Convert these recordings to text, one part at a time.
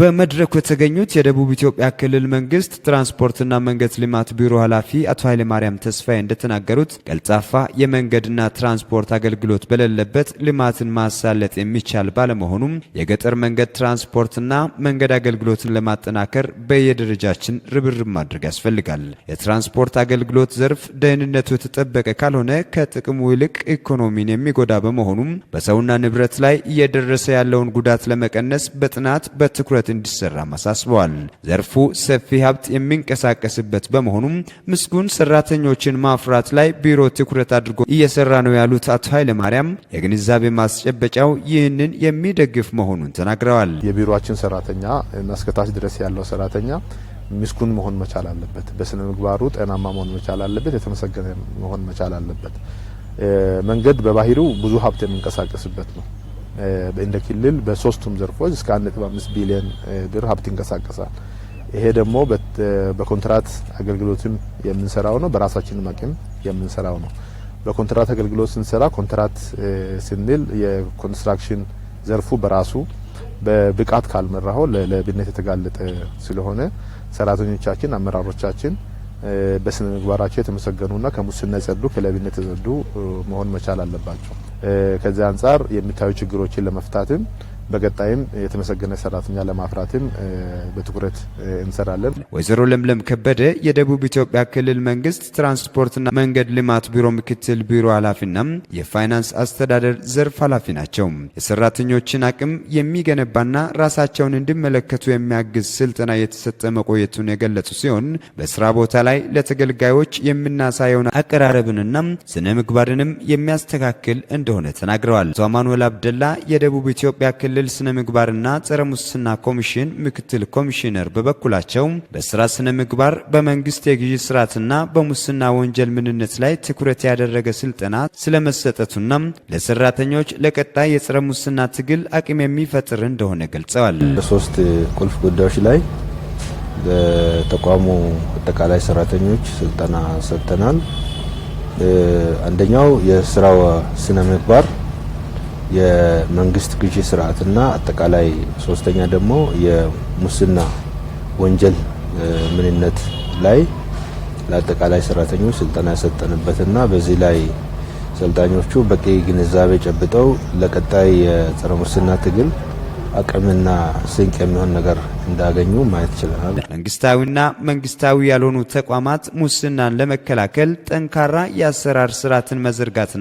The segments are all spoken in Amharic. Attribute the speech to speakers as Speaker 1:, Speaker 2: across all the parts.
Speaker 1: በመድረኩ የተገኙት የደቡብ ኢትዮጵያ ክልል መንግስት ትራንስፖርትና መንገድ ልማት ቢሮ ኃላፊ አቶ ኃይለማርያም ተስፋዬ እንደተናገሩት ቀልጣፋ የመንገድና ትራንስፖርት አገልግሎት በሌለበት ልማትን ማሳለጥ የሚቻል ባለመሆኑም የገጠር መንገድ ትራንስፖርትና መንገድ አገልግሎትን ለማጠናከር በየደረጃችን ርብርብ ማድረግ ያስፈልጋል። የትራንስፖርት አገልግሎት ዘርፍ ደህንነቱ የተጠበቀ ካልሆነ ከጥቅሙ ይልቅ ኢኮኖሚን የሚጎዳ በመሆኑም በሰውና ንብረት ላይ እየደረሰ ያለውን ጉዳት ለመቀነስ በጥናት በትኩረት ትኩረት እንዲሰራ አሳስበዋል። ዘርፉ ሰፊ ሀብት የሚንቀሳቀስበት በመሆኑም ምስጉን ሰራተኞችን ማፍራት ላይ ቢሮ ትኩረት አድርጎ እየሰራ ነው ያሉት አቶ ኃይለማርያም የግንዛቤ ማስጨበጫው ይህንን የሚደግፍ መሆኑን ተናግረዋል።
Speaker 2: የቢሮችን ሰራተኛ መስከታች ድረስ ያለው ሰራተኛ ምስኩን መሆን መቻል አለበት። በስነ ምግባሩ ጤናማ መሆን መቻል አለበት። የተመሰገነ መሆን መቻል አለበት። መንገድ በባህሪው ብዙ ሀብት የሚንቀሳቀስበት ነው። እንደ ክልል በሶስቱም ዘርፎች እስከ 1.5 ቢሊዮን ብር ሀብት ይንቀሳቀሳል። ይሄ ደግሞ በኮንትራት አገልግሎትም የምንሰራው ነው፣ በራሳችንም አቅም የምንሰራው ነው። በኮንትራት አገልግሎት ስንሰራ ኮንትራት ስንል የኮንስትራክሽን ዘርፉ በራሱ በብቃት ካልመራው ለብነት የተጋለጠ ስለሆነ ሰራተኞቻችን፣ አመራሮቻችን በስነ ምግባራቸው የተመሰገኑና ከሙስና የጸዱ ከሌብነት የጸዱ መሆን መቻል አለባቸው። ከዚያ አንጻር የሚታዩ ችግሮችን ለመፍታትም በቀጣይም የተመሰገነ ሰራተኛ ለማፍራትም በትኩረት እንሰራለን።
Speaker 1: ወይዘሮ ለምለም ከበደ የደቡብ ኢትዮጵያ ክልል መንግስት ትራንስፖርትና መንገድ ልማት ቢሮ ምክትል ቢሮ ኃላፊና የፋይናንስ አስተዳደር ዘርፍ ኃላፊ ናቸው። የሰራተኞችን አቅም የሚገነባና ራሳቸውን እንዲመለከቱ የሚያግዝ ስልጠና የተሰጠ መቆየቱን የገለጹ ሲሆን በስራ ቦታ ላይ ለተገልጋዮች የምናሳየውን አቀራረብንና ስነ ምግባርንም የሚያስተካክል እንደሆነ ተናግረዋል። አቶ አማኑኤል አብደላ የደቡብ ኢትዮጵያ ክልል ክልል ስነ ምግባርና ጸረ ሙስና ኮሚሽን ምክትል ኮሚሽነር በበኩላቸው በስራ ስነ ምግባር በመንግስት የግዢ ስርዓትና በሙስና ወንጀል ምንነት ላይ ትኩረት ያደረገ ስልጠና ስለመሰጠቱና ለሰራተኞች ለቀጣይ የጸረ ሙስና ትግል አቅም የሚፈጥር እንደሆነ ገልጸዋል።
Speaker 3: በሶስት ቁልፍ ጉዳዮች ላይ ለተቋሙ አጠቃላይ ሰራተኞች ስልጠና ሰጥተናል። አንደኛው የስራው ስነ ምግባር የመንግስት ግዢ ስርዓትና አጠቃላይ ሶስተኛ ደግሞ የሙስና ወንጀል ምንነት ላይ ለአጠቃላይ ሰራተኞች ስልጠና ያሰጠንበትና በዚህ ላይ ሰልጣኞቹ በቂ ግንዛቤ ጨብጠው ለቀጣይ የጸረ ሙስና ትግል አቅምና ስንቅ የሚሆን ነገር እንዳገኙ ማየት ችለናል።
Speaker 1: መንግስታዊና መንግስታዊ ያልሆኑ ተቋማት ሙስናን ለመከላከል ጠንካራ የአሰራር ስርዓትን መዘርጋትና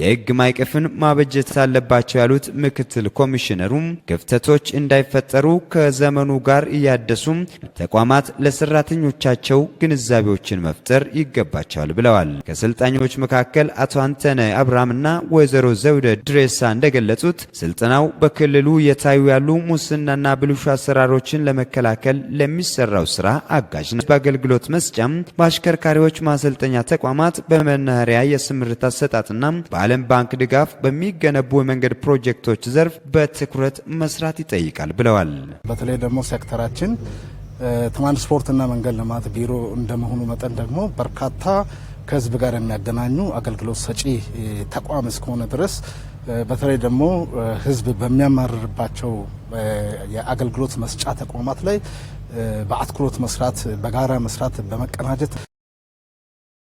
Speaker 1: የህግ ማዕቀፍን ማበጀት አለባቸው ያሉት ምክትል ኮሚሽነሩም ክፍተቶች እንዳይፈጠሩ ከዘመኑ ጋር እያደሱም ተቋማት ለሰራተኞቻቸው ግንዛቤዎችን መፍጠር ይገባቸዋል ብለዋል። ከሰልጣኞች መካከል አቶ አንተነ አብርሃምና ወይዘሮ ዘውደ ድሬሳ እንደገለጹት ስልጠናው በክልሉ የታዩ ያሉ ሙስናና ብልሹ አሰራሮችን ለመከላከል ለሚሰራው ስራ አጋዥ ነው። በአገልግሎት መስጫም በአሽከርካሪዎች ማሰልጠኛ ተቋማት በመናኸሪያ የስምርት አሰጣጥና በዓለም ባንክ ድጋፍ በሚገነቡ የመንገድ ፕሮጀክቶች ዘርፍ በትኩረት መስራት ይጠይቃል ብለዋል።
Speaker 4: በተለይ ደግሞ ሴክተራችን ትራንስፖርትና መንገድ ልማት ቢሮ እንደመሆኑ መጠን ደግሞ በርካታ ከህዝብ ጋር የሚያገናኙ አገልግሎት ሰጪ ተቋም እስከሆነ ድረስ በተለይ ደግሞ ህዝብ በሚያማርርባቸው የአገልግሎት መስጫ ተቋማት ላይ በአትኩሮት መስራት፣ በጋራ መስራት፣ በመቀናጀት